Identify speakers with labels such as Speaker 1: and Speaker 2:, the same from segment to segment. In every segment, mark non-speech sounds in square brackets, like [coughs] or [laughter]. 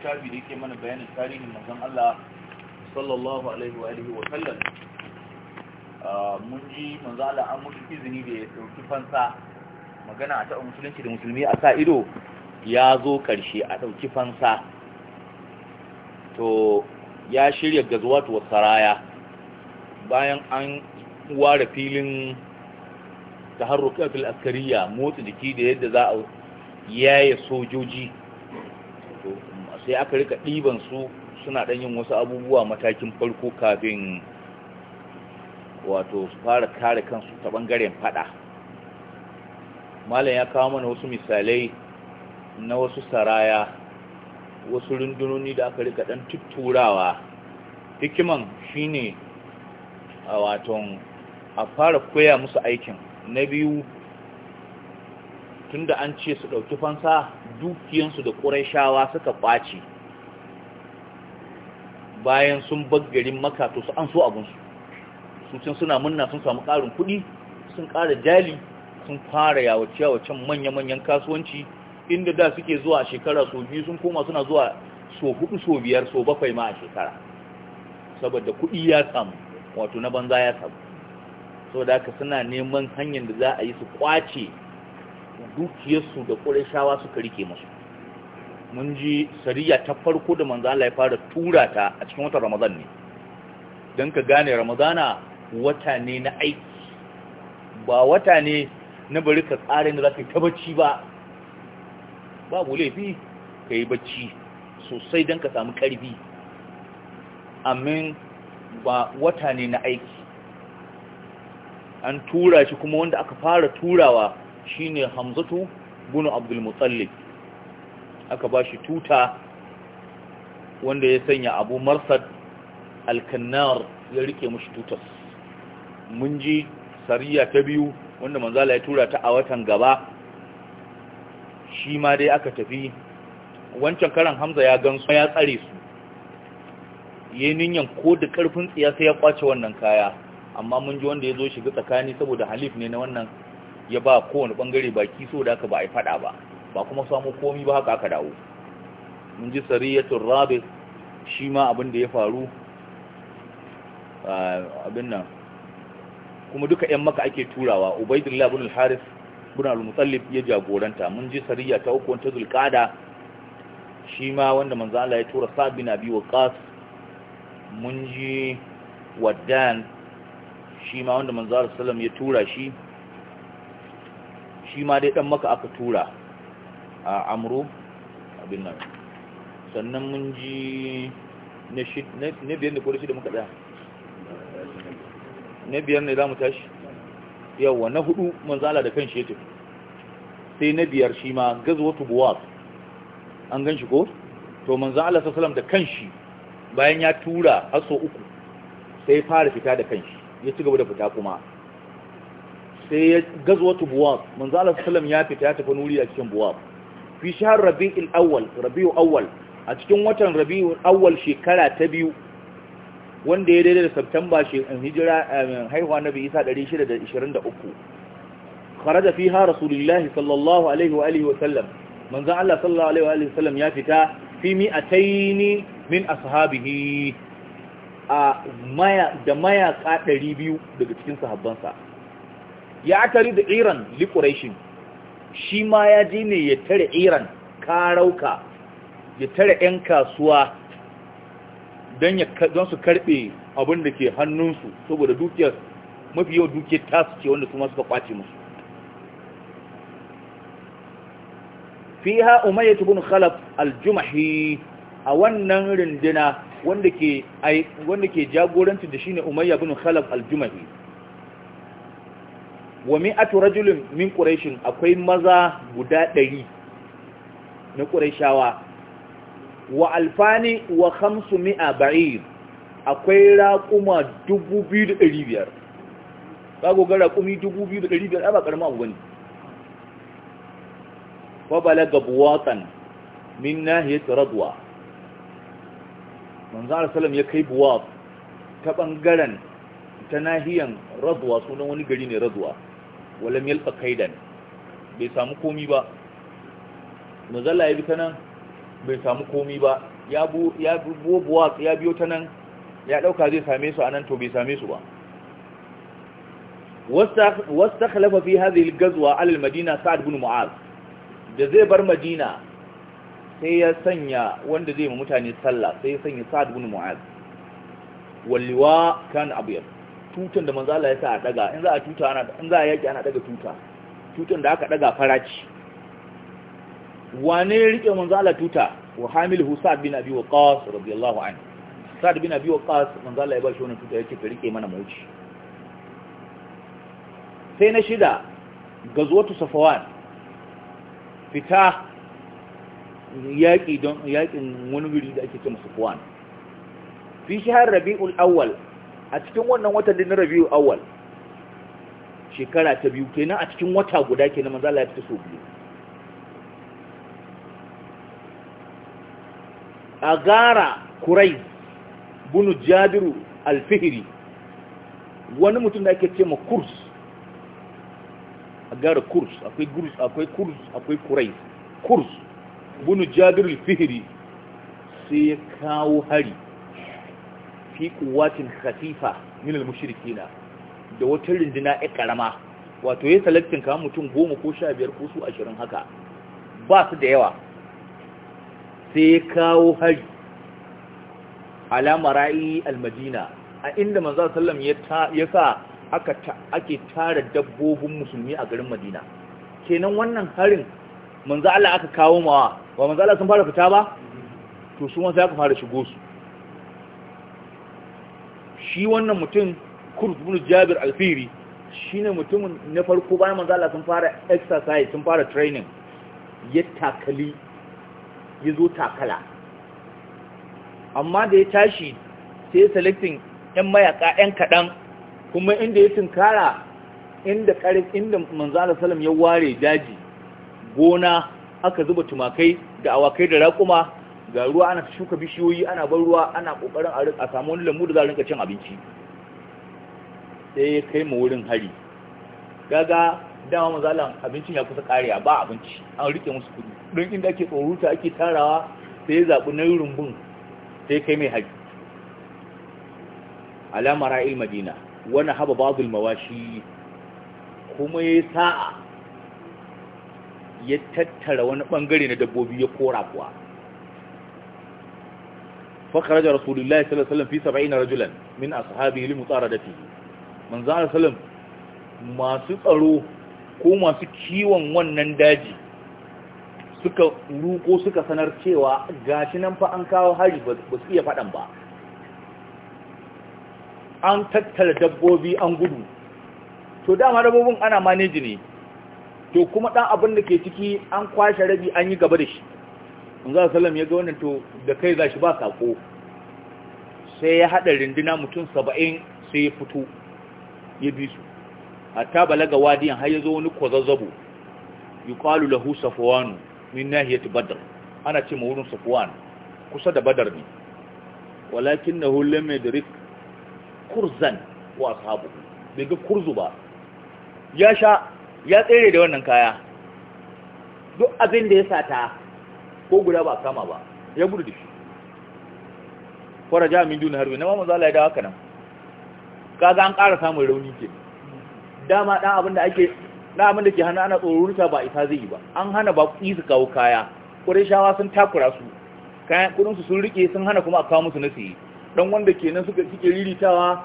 Speaker 1: littafi da yake mana bayanin tarihin manzon Allah sallallahu alaihi wa alihi wa sallam ah, mun ji manzon Allah an mutu izini da ya dauki fansa magana a taɓa musulunci da musulmi a sa ido ya zo ƙarshe a ɗauki fansa to ya shirya gazuwatu wa saraya bayan an ware filin taharrukatul askariya motsa jiki da yadda za a yaye sojoji sai aka rika ɗiban su suna ɗan yin wasu abubuwa matakin farko kafin wato su fara kare kansu ta ɓangaren faɗa malam ya kawo mana wasu misalai na wasu saraya wasu rundunoni da aka rika ɗan tutturawa hikiman shine a wato a fara koya musu aikin na biyu tunda an ce su ɗauki fansa dukiyansu da ƙuraishawa suka ɓace, bayan sun baggarin maka to su an so abinsu su suna munna sun samu ƙarin kuɗi sun ƙara jali sun fara yawace yawacen manya-manyan kasuwanci inda da suke zuwa a shekara so biyu sun koma suna zuwa so hudu so biyar so bakwai ma a shekara saboda kuɗi ya samu wato na banza ya samu saboda haka suna neman hanyar da za a yi su kwace dukiyarsu da ƙurashawa suka rike masu mun ji sariya ta farko da manzo Allah ya fara tura ta a cikin watan Ramadan ne don ka gane Ramadana wata ne na aiki ba wata ne na bari ka tsarin da za ka yi ta bacci ba babu laifi ka yi bacci sosai don ka samu karfi amin ba wata ne na aiki an tura shi kuma wanda aka fara turawa shine hamzatu bin abdul mutallib aka bashi tuta wanda ya sanya abu marsad al-kannar ya rike mushi tutas mun ji sariya ta biyu wanda manzala ya tura ta a watan gaba shi ma dai aka tafi wancan karan hamza ya gansu ya tsare su ya ninyan ko da karfin tsiya sai ya kwace wannan kaya amma mun ji wanda ya zo shiga tsakani saboda halif ne na wannan ya ba kowane bangare baki so da aka ba a yi fada ba ba kuma samu komi ba haka aka dawo mun ji sariyatun rabis shi ma abin da ya faru abin nan kuma duka 'yan maka ake turawa ubaidullah labin alharis haris al-musallib ya jagoranta mun ji sariya ta uku ta zulkada shi ma wanda manzala ya tura sabi na biyu kas mun ji waddan shi ma wanda manzala salam ya tura shi shi ma dai dan maka aka tura a amru abin nan sannan mun ji na biyar da kodin shi da muka daya na biyar ne za mu tashi yawa na hudu manzala da kan shetu sai na biyar shi ma gazwatu buwaf an gan shi ko to manzala sassalam da kanshi bayan ya tura aso uku sai fara fita da kanshi ya ci gaba da fita kuma sai ya gazwatu buwab manzo Allah sallam ya fita ya tafi nuri a cikin buwab fi shahr rabi'ul awwal rabi'ul awwal a cikin watan rabi'ul awwal shekara ta biyu wanda ya daidai da Septemba eh, hijira eh, haihuwa Nabi Isa 623 kharaja fiha rasulullahi sallallahu alaihi wa alihi wa sallam manzo Allah sallallahu alaihi wa sallam ya fita fi mi'ataini min ashabihi a maya da mayaka 200 daga cikin sahabbansa ya tari da iran likurashin shi ma ya ji ne ya tare iran karauka ya tare 'yan kasuwa don su karbe abin da ke hannunsu saboda dukiyar mafi yawan dukiyar tasu ce wanda kuma suka kwace musu fi ha umayya tukun khalaf aljumahi a wannan rindina wanda ke jagoranci da shi umar umayya bin khalaf aljumahi wa mi'atu rajulin min quraishin akwai maza guda ɗari na quraishawa wa alfani wa khamsu mi'a ba'ir akwai raquma 2500 Ba ga raqumi 2500 ba karma abu bane fa balaga buwatan min nahiyat radwa manzo sallam ya kai buwat ta bangaren ta nahiyan radwa sunan wani gari ne radwa walam yalqa kaidan bai samu komi ba manzala ya bi ta nan bai samu komi ba ya bu ya buwa ya biyo ta nan ya dauka zai same su anan to bai same su ba wastakhlafa fi hadhihi al-ghazwa ala al-madina sa'd ibn mu'az da zai bar madina sai ya sanya wanda zai mu mutane sallah sai ya sanya sa'd ibn mu'az walliwa kan abyad tutan da Manzala ya sa a daga in za a tuta ana in za a yaki ana daga tuta tutan da aka daga faraci wane rike manzala tuta wa hamil husad bin abi waqas radiyallahu anhu sa'd bin abi waqas manzala ya ya bashi wannan tuta yake rike mana mauci sai na shida gazwatu safawan fita yaƙi don yakin wani wuri da ake cewa safawan fi shahar rabi'ul awwal a cikin wannan watan da na rabiu awal, shekara ta biyu kenan a cikin wata guda kenan manzo Allah ya fita so biyu a gara kurai bunu jabiru alfihiri wani mutum da ake ce ma kurs a gara kurs akwai kurs akwai kurs akwai kurai kurs bunu jabiru alfihiri sai ya kawo hari fi kuwatin khatifa min al mushrikina da wata rinduna ai karama wato ya selecting kamar mutum 10 ko 15 ko su 20 haka ba su da yawa sai ya kawo hari ala mara'i al-madina a inda manzo sallam ya ya sa aka ake tara dabbobin musulmi a garin madina kenan wannan harin manzo Allah aka kawo mawa ba manzo Allah sun fara fita ba to su ma sai aka fara shigo su shi wannan mutum kurz bin jabir alfiri ne mutumin na farko bayan Manzala sun fara exercise sun fara training ya takali ya zo takala amma da ya tashi sai selecting 'yan mayaka 'yan kaɗan kuma inda ya tunkara inda karin inda manzala salam ya ware daji gona aka zuba tumakai da awakai da raƙuma ga ruwa ana shuka bishiyoyi ana ban ruwa ana kokarin a samu wani lambu da za a rinka cin abinci sai ya kai ma wurin hari gaga dama mazalan abincin ya kusa kariya ba abinci an rike musu kudi don inda ake tsoruta ake tarawa sai ya zaɓi na rumbun sai kai mai hari alama ra'il madina wani haba babul mawashi kuma ya sa'a ya tattara wani bangare na dabbobi ya kora kuwa فخرج رسول الله صلى الله عليه وسلم في سبعين رجلا من أصحابه لمطاردته من زعل سلم ما سطروا ko masu kiwon wannan daji suka ruko suka sanar cewa gashi nan fa an kawo hari ba su iya faɗan ba an tattara dabbobi an gudu to dama dabbobin ana maneji ne to kuma ɗan abin da ke ciki an kwashe rabi an yi gaba da shi manzo sallam ya ga wannan to da kai zashi ba sako sai ya hada rinduna mutum 70 sai ya fito ya bi su hatta balaga wadiyan har ya zo wani kwazazzabo yuqalu lahu safwanu min nahiyati badr ana ce wurin safwan kusa da badar ne walakinahu lam yadrik kurzan wa ashabu bai ga kurzu ba ya sha ya tsere da wannan kaya duk abin da ya sata ko guda ba a kama ba ya gudu da shi faraja min duna harbi na ma manzo Allah ya dawo haka nan kaga an ƙara samun rauni ke dama dan abin da ake dan abin da ke hana ana tsorurta ba isa zai yi ba an hana ba kuɗi su kawo kaya shawa sun takura su kayan su sun rike sun hana kuma a kawo musu na siye dan wanda kenan suka suke riritawa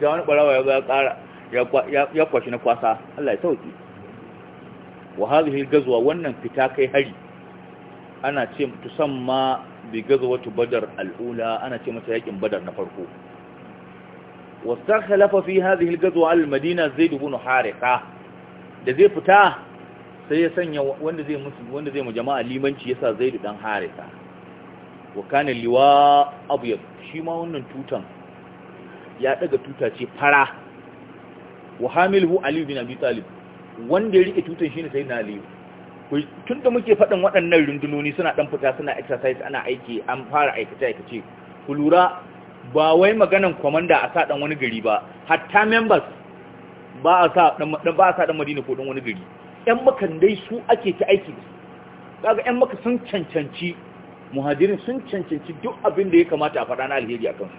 Speaker 1: ga wani barawa ya ya ƙara ya kwashi na kwasa Allah ya sauki wa hadhihi gazuwa gazwa wannan fita kai hari ana ce tusamma bi wata badar al'ula ana ce mata yakin badar na farko واستخلف في هذه الغزوة على المدينة زيد na harika da zai fita sai ya sanya wanda zai musu wanda zai mu jama'a limanci yasa Zaid dan harika wa kana liwa abyad shi ma wannan tutan ya daga tuta ce fara wa hamilu Ali bin Abi Talib wanda ya rike tutan shine sayyidina Ali tun da muke faɗin waɗannan rundunoni suna ɗan fita suna exercise ana aiki an fara aikace-aikace ku lura ba wai maganan kwamanda a sa wani gari ba hatta members ba a sa ɗan madina ko ɗan wani gari ‘yan makan dai su ake ta aiki kaga ‘yan maka sun cancanci muhajirin sun cancanci duk abin da ya kamata a faɗa na alheri a kansu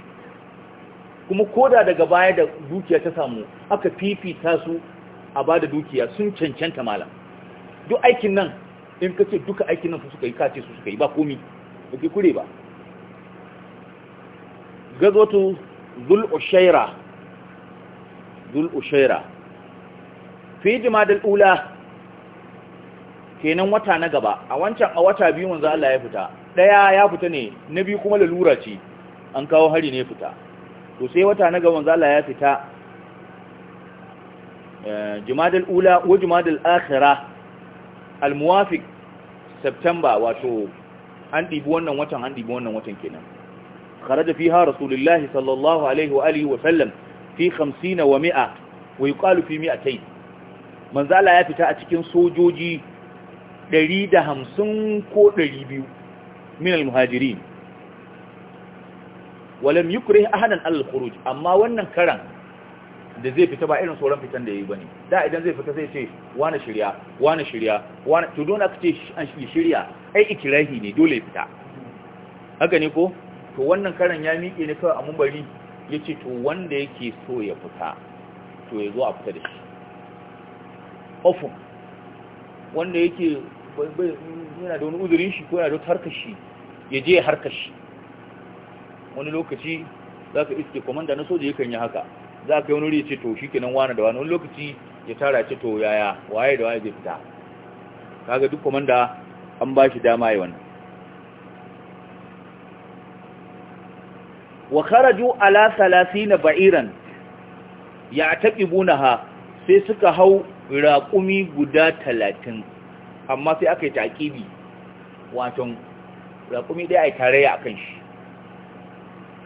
Speaker 1: kuma koda daga baya da dukiya ta samu aka fifita su a ba da dukiya sun cancanta malam duk aikin nan in ka ce duka aikin nan su suka yi kace su suka yi ba komi ba ke kure ba gazotu zul ushaira zul ushaira fi jimadal ula kenan wata na gaba a wancan a wata biyu manzo Allah ya fita daya ya fita ne na biyu kuma lalura ce an kawo hari ne fita to sai wata na gaba manzo Allah ya fita eh, jimadal ula wa al akhirah almuwafiq september wato an ɗibi wannan watan an ɗibi wannan watan kenan kharaja fiha rasulullahi sallallahu alaihi wa alihi wa sallam fi 50 wa 100 wa yuqalu fi 200 manzala ya fita a cikin sojoji 150 ko 200 min almuhajirin walam yukrih ahadan al-khuruj amma wannan karan da zai fita ba irin sauran fitan da ya yi ba ne. da idan zai fita sai ce wane shirya wane shirya wane to don aka ce an shirya ai ikirahi ne dole ya fita haka ne ko to wannan karan ya miƙe ne kawai a mumbari ya ce to wanda yake so ya fita to ya zo a fita da shi ofin wanda yake yana da wani uzurin shi ko yana da harkar shi ya je harkar shi wani lokaci za ka iske kwamanda na soja yakan yi haka za ka yi wani ya ce to shi kenan wani da wani wani lokaci ya tara ce to yaya waye da waye zai fita kaga duk kwamanda an ba shi dama yi wannan wa kharaju ala na ba'iran ya ya'taqibunaha sai suka hau raƙumi guda 30 amma sai aka yi taqibi wato raƙumi dai ai ya akan shi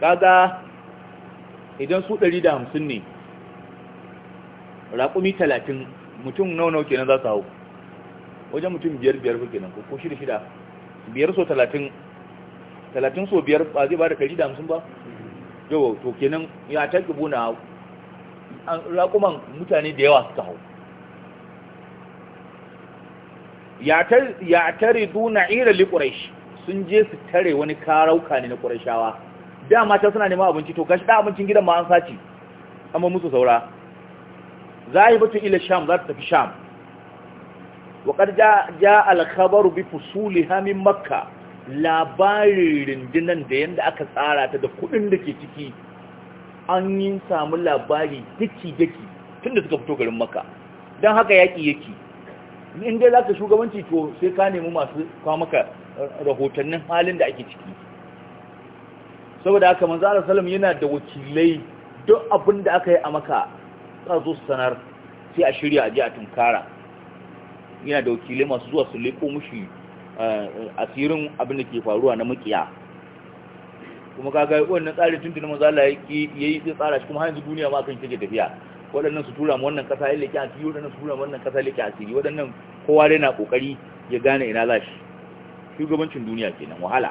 Speaker 1: kaga idan su ɗari da hamsin ne raƙumi talatin mutum nawa kenan za su hau wajen mutum biyar biyar ba kenan ko shida shida biyar so talatin talatin so biyar ba zai ba da ɗari da hamsin ba yau to kenan ya ta kibo na raƙuman mutane da yawa suka hau ya tare duna ira likurai sun je su tare wani karauka ne na ƙurashawa dama mata suna neman abinci to gashi da abincin gidan ma an saci amma musu saura za yi zahibatu ila sham za ta tafi sham wa qad ja al khabaru bi fusuliha min makka labarin rindinan da yanda aka tsara ta da kudin da ke ciki an yi samu labari daki daki tunda suka fito garin makka dan haka yaki yaki in dai zaka shugabanci to sai ka nemi masu kawo maka rahotannin halin da ake ciki saboda haka manzo Allah sallam yana da wakilai duk abin da aka yi a maka za zo sanar sai a shirya aje a tunkara yana da wakilai masu zuwa su leko mushi eh, asirin abin da ke faruwa na mukiya kuma kaga wannan tsari tun tun manzo Allah yayi sai tsara shi kuma har yanzu duniya ma kan take tafiya waɗannan su tura mu wannan kasa ya leke asiri waɗannan su tura mu wannan kasa leke asiri waɗannan kowa dai na kokari ya gane ina za shi shugabancin duniya kenan wahala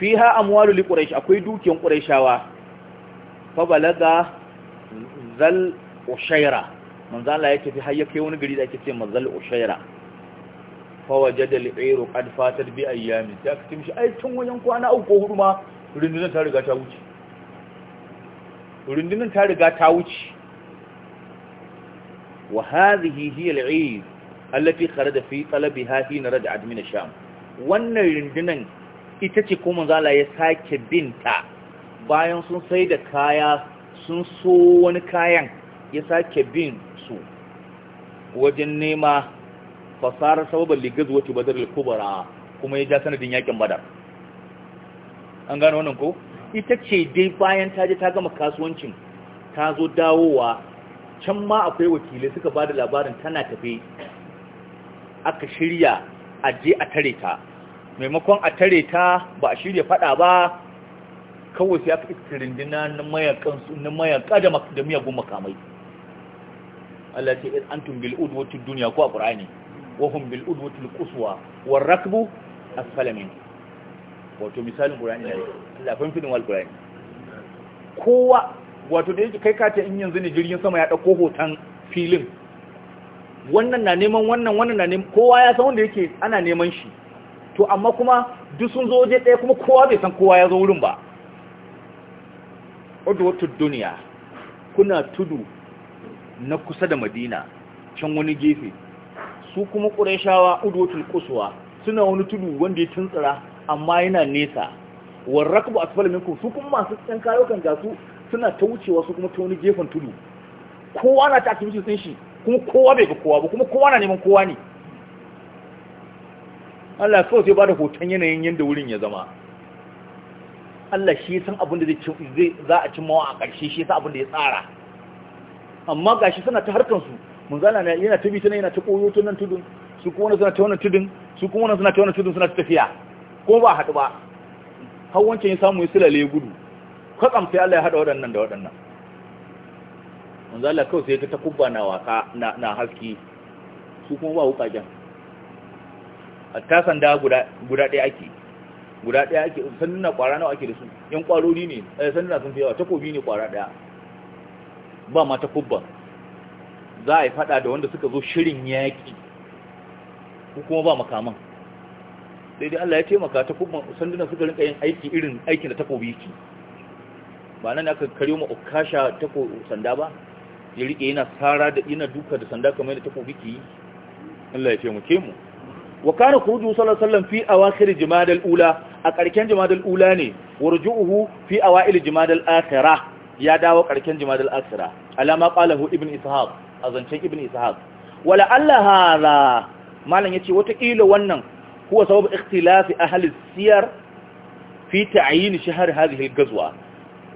Speaker 1: fiha amwalu li quraish akwai dukiyan quraishawa fa balaga zal ushaira manzala Allah yake fi hayya kai wani gari da ake ce mazal ushaira fa waje da ayru ƙad fatar bi ayyami ta kitim shi ai tun wajen kwana uku hudu ma rundunar ta riga ta wuce rundunar ta riga ta wuce wa hadhihi hiya al-eid allati kharaja fi talabiha hina raja'at min ash-sham wannan rundunar ita ce ko manzala ya sake binta bayan sun sai da kaya sun so wani kayan ya sake bin su wajen nema fasara sababin ligas wata badar kubara kuma ya ja sanadin yakin badar an gano wannan ko ita ce dai bayan ta je ta gama kasuwancin ta zo dawowa can ma akwai wakilai suka ba da labarin tana tafi aka shirya a je a tare ta maimakon a tare ta ba a shirya fada ba kawai sai aka iska rindina na mayakan mayaka da miyagun makamai Allah ce in antum bil udwati dunya ko alqur'ani wa hum bil udwati alquswa war rakbu asfala min wato misalin qur'ani ne Allah fa filin wal qur'ani kowa wato da yake kai ka in yanzu ne jirgin sama ya dauko hoton filin wannan na neman wannan wannan na neman kowa ya san wanda yake ana neman shi to amma kuma duk sun zo waje ɗaya kuma kowa bai san kowa ya zo wurin ba wata duniya kuna tudu na kusa da madina can wani gefe su kuma ƙureshawa wata kusuwa suna wani tudu wanda ya tuntsira amma yana nesa a asfal ku su kuma masu tsan kayokan gasu suna ta wucewa su kuma ta wani gefen tudu kowa na ta activities shi kuma kowa bai ga kowa ba kuma kowa na neman kowa ne Allah kawai sai ba da hoton yanayin yadda wurin ya zama Allah shi san abin da za a cimmawa a ƙarshe shi san abin da ya tsara amma gashi suna ta harkansu munzala yana ta bitana yana ta koyo ta nan tudun su kuma wani suna ta wani tudun su kuma wani suna ta wani tudun suna ta tafiya ko ba haɗu ba har wancan ya samu ya sila ya gudu kwatsam sai Allah ya haɗa waɗannan da waɗannan mun Allah kawai sai ta takubba na waka na haski su kuma ba wuƙaƙen Ta sanda guda guda ɗaya ake guda ɗaya ake sanduna ƙwara nawa ake da su yan ƙwarori ne eh, sanduna sun fi yawa takobi ne ƙwara ɗaya ba ma kubba. za a yi faɗa da wanda suka zo shirin yaƙi ko kuma ba makaman sai dai Allah ya taimaka takubban sanduna suka rinka yin aiki irin aikin da takobi yake ba nan aka karyo ma ukasha tako sanda ba ya rike yana sara da yana duka da sanda kamar da takobi ke yi Allah ya taimake mu wa kana khuruju sallallahu alaihi wasallam fi awakhir jumadal ula a karken jumadal ula ne warjuhu fi awail jumadal akhirah ya dawo karken jumadal akhirah alama qalahu ibn ishaq azancin ibn ishaq wala alla hada malan yace wata kila wannan huwa sabab ikhtilafi ahli siyar fi ta'yin shahr hadhihi al-ghazwa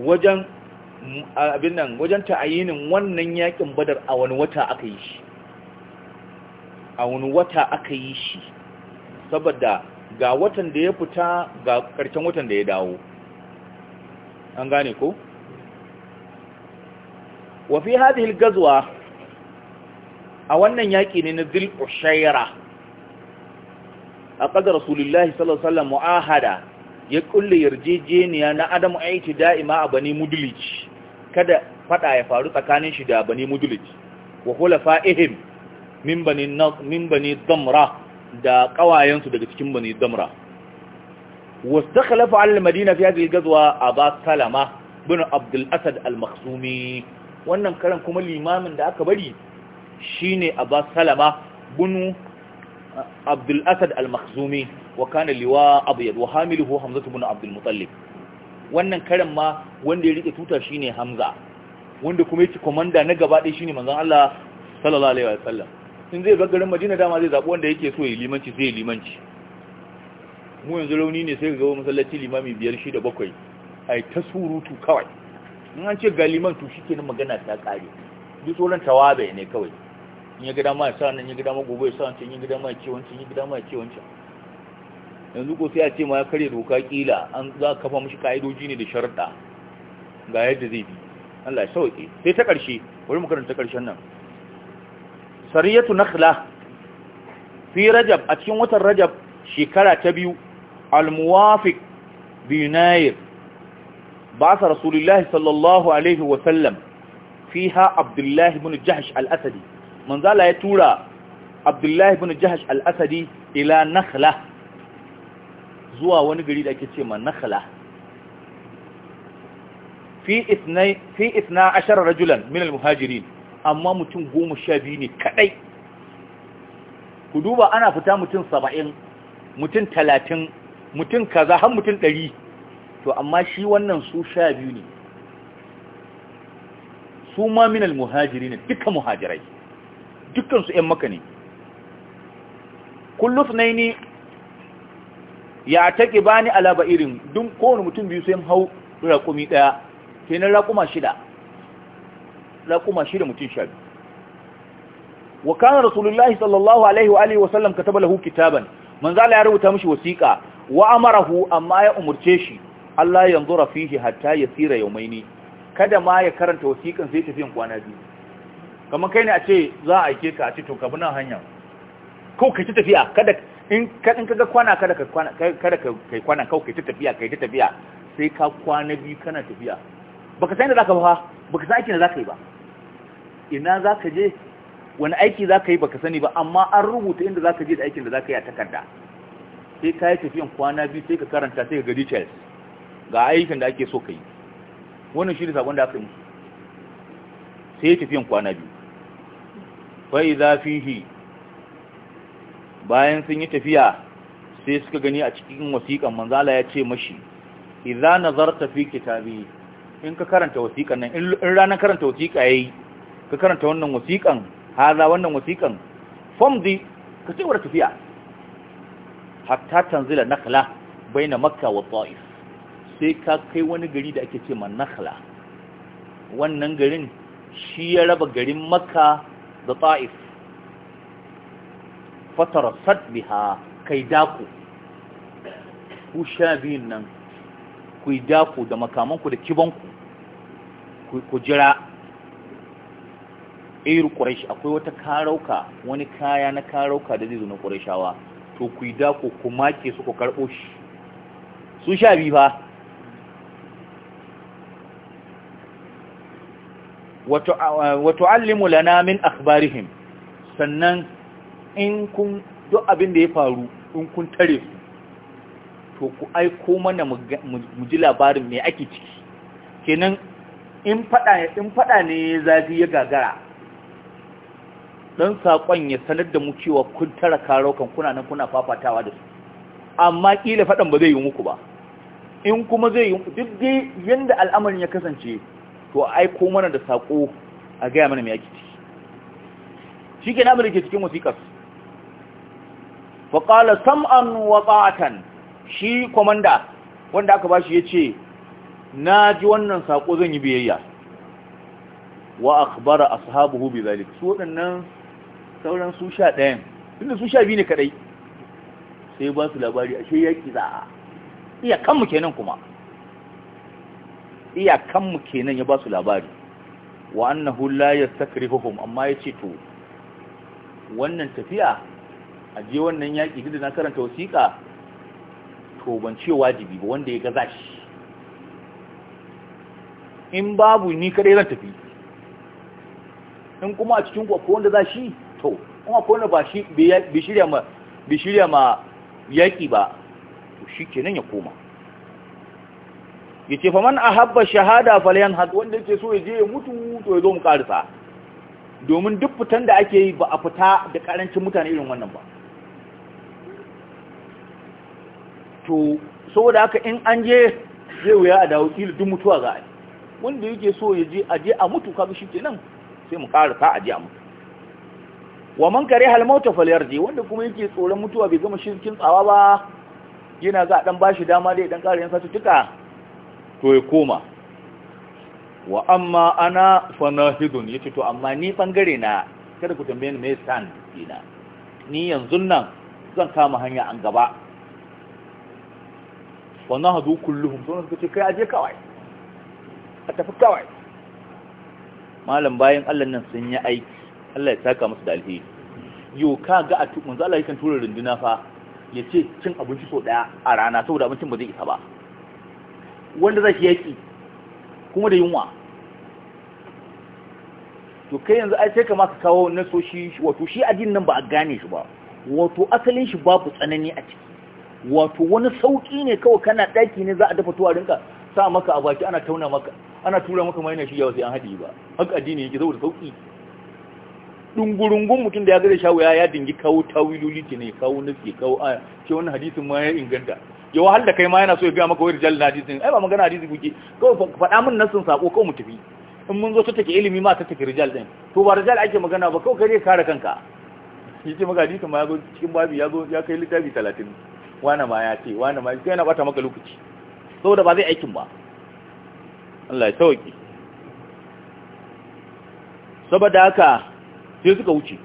Speaker 1: wajen abin nan wajen ta'yinin wannan yakin badar a wani wata aka yi shi a wani wata aka yi shi saboda ga watan da ya fita ga karshen watan da ya dawo an gane ko wa fi hadhihi a wannan yaki ne na dhil ushaira aqad rasulullahi sallallahu alaihi muahada ya ƙulle yarjejeniya na adamu aiti da'ima a bani mudlij kada fada ya faru tsakanin shi da bani mudlij wa khulafa'ihim min bani min bani damra da kawayensu daga cikin bani damra واستخلف على fi في هذه الجزوة أبا سلمة بن عبد al المخزومي wannan karan kuma limamin da aka bari shine ba Salama bin Abdul Asad al-Makhzumi wa kana liwa abyad wa hamiluhu Hamza bin Abdul Muttalib wannan karan ma wanda ya riƙe tuta shine Hamza wanda kuma yake komanda na gaba ɗaya shine manzon Allah sallallahu alaihi wa sallam in zai garin madina dama zai zaɓi wanda yake so ya limanci zai limanci mu yanzu rauni ne sai ga gaba masallaci limami biyar shi da bakwai a yi ta surutu kawai in an ce ga liman to shi kenan magana ta ƙare duk tsoron tawabe ne kawai in ya gida ma ya sa nan ya gida ma gobe ya sa wancan ya gida ma ya ce wancan ya gida ma ya ce wancan yanzu ko sai a ce ma ya karya doka kila an za ka kafa mashi ka'idoji ne da sharuɗa ga yadda zai bi Allah ya sauke sai ta ƙarshe bari mu karanta ƙarshen nan sariyatu nakhla fi rajab a cikin watan rajab shekara ta biyu almuwafiq bi yunayir ba'sa rasulullahi sallallahu alaihi wa sallam fiha abdullahi ibn jahsh al-asadi manzala ya tura abdullahi ibn jahsh al-asadi ila nakhla zuwa wani gari da ake ce ma nakhla fi 12 rajulan min al-muhajirin amma mutum goma sha biyu ne kadai ku duba ana fita mutum saba'in mutum talatin mutum kaza har mutum ɗari to amma shi wannan su sha biyu ne su ma muhajiri ne duka muhajirai dukansu ‘yan maka ne kullus na ni ya take ba ni alaba irin dun kowane mutum biyu sai hau raƙumi ɗaya na raƙuma shida kuma shi da mutum sha biyu wa kana rasulullahi sallallahu alaihi wa alihi wa sallam kataba lahu kitaban manzo Allah ya rubuta mishi wasiqa wa amarahu amma ya umurce shi Allah ya yanzura fihi hatta yasira yawmaini kada ma ya karanta wasiqan sai tafiyan kwana biyu kamar kai ne a ce za a aike ka a ce to ka nan hanya ko ka ci tafiya kada in ka in kaga kwana kada ka kwana kada ka kai kwana kawai kai ta tafiya kai ta tafiya sai ka kwana biyu kana tafiya baka san da zaka ba baka san aikin za zaka yi ba ina za ka je wani aiki za ka yi baka sani ba amma an rubuta inda za ka je da aikin da za ka yi a takarda sai ka yi tafiyan kwana biyu sai ka karanta sai ka ga details ga aikin da ake so ka yi wannan shi ne sabon da aka yi musu sai tafiyan kwana biyu fai za fihi bayan sun yi tafiya sai suka gani a cikin wasiƙan manzala ya ce mashi idza nazarta fi kitabi in ka karanta wasiƙan nan in ranar karanta wasiƙa yayi ka karanta wannan wasiƙan haza wannan wasiƙan famdi ka ce wadda tafiya hatta tanzila nakala bai na makka wa ta'if sai ka kai wani gari da ake ce ma nakala wannan garin shi ya raba garin makka da ta'if fatar sadbiha kai daku ku sha biyun nan ku yi daku da makamanku da kibanku ku jira ir quraish akwai wata karauka wani kaya na karauka da zai zo na qurayshawa to ku yi dako ku make su ku karbo shi su sha biyu fa wa tu'allimu lana min akhbarihim sannan in kun duk abin da ya faru in kun tare su to ku aiko mana mu ji labarin me ake ciki kenan in fada in fada ne zafi ya gagara dan sakon ya sanar da mu cewa kun tara karokan kuna nan kuna fafatawa da su amma kila fadan ba zai yi muku ba in kuma zai yi duk dai yanda al'amarin ya kasance to ai ko mana da sako a gaya mana me yake ci shikenan abin da ke cikin wasiƙar fa qala sam'an wa ta'atan shi komanda wanda aka bashi yace na ji wannan sako zan yi biyayya wa akhbara ashabuhu bi dhalik su waɗannan sauran su sha ɗayan inda su sha biyu ne kaɗai. sai ba su labari ashe yaƙi za a iyakanmu kenan kuma iyakanmu kenan ya ba su labari wa annahu la yastakrihuhum amma yace to wannan tafiya a je wannan yaƙi duk da na karanta wasiƙa to ban ce wajibi ba wanda ya gaza shi in babu ni kadai zan tafi in kuma a cikin ku akwai wanda za shi to kuma kone ba shi bishirya ma bi shirya ma yaki ba to shi kenan ya koma yace fa man ahabba shahada falyanhad wanda yake so ya je ya mutu to ya zo mu karisa domin duk fitan da ake yi ba a fita da karancin mutane irin wannan ba to saboda haka in an je zai wuya a dawo kila duk mutuwa za a yi wanda yake so ya je a je a mutu kaga shi kenan sai mu karisa a je a mutu wa man kare halmauta falyarji wanda kuma yake tsoron mutuwa bai gama shirkin tsawa ba yana za dan bashi dama dai dan karin sace tuka to ya koma wa amma ana fanahidun yace to amma ni bangare na kada ku tambaye ni me san dina ni yanzu nan zan kama hanya an gaba Wannan hadu kulluhum don su ce kai aje kawai a tafi kawai malam bayan Allah nan sun yi aiki Allah ya saka masa da alheri yo ka ga a tukun zalla Allah yakan tura runduna fa ya ce cin abinci so daya a rana saboda abincin ba zai isa ba wanda zai yaki kuma da yunwa to kai yanzu ai sai kama ka kawo shi wato shi addinin nan ba a gane shi ba wato asalin shi babu tsanani a ciki wato wani sauki ne kawai kana daki ne za a dafa tuwa rinka sa maka a baki ana tauna maka ana tura maka mai na shi yawa sai an haɗi ba haka addini yake saboda sauki dungurungun mutum da ya gada shawo ya dingi kawo tawiluli ke ne kawo nufi kawo a ce wani hadisin ma ya inganta ya wahal da kai ma yana so ya gaya maka wani rijal na hadisin ai ba magana hadisi kuke kawai faɗa min nasin sako kawai mu tafi in mun zo ta take ilimi ma ta take rijal din to ba rijal ake magana ba kawai kare kare kanka Ya ce maka hadisin ma ya zo cikin babi ya zo ya kai littafi talatin wani ma ya ce wani ma sai na bata maka lokaci saboda ba zai aikin ba Allah ya sauke saboda haka sai suka wuce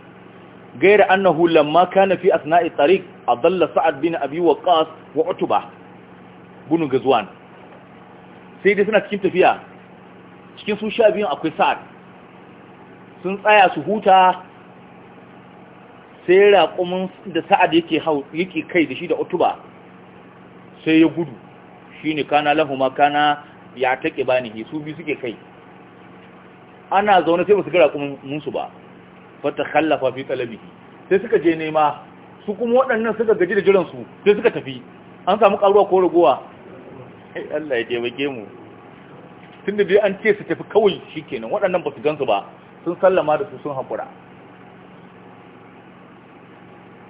Speaker 1: gaira annahu lamma kana fi asna'i tariq adalla sa'ad bin abi waqas wa utba bunu gazwan sai dai suna cikin tafiya cikin su sha biyun akwai sa'ad sun tsaya su huta sai raƙumin da sa'ad yake hau yake kai da shi da utba sai ya gudu shine kana lahuma kana ya take bani su bi suke kai ana zaune sai ba su ga raƙumin mun su ba fata khallafa fi talabihi sai suka je nema su kuma waɗannan suka gaji da jiran su sai suka tafi an samu karuwa ko ragowa Allah ya taimake mu tunda dai an ce su tafi kawai shikenan waɗannan ba su gansu ba sun sallama da su sun haƙura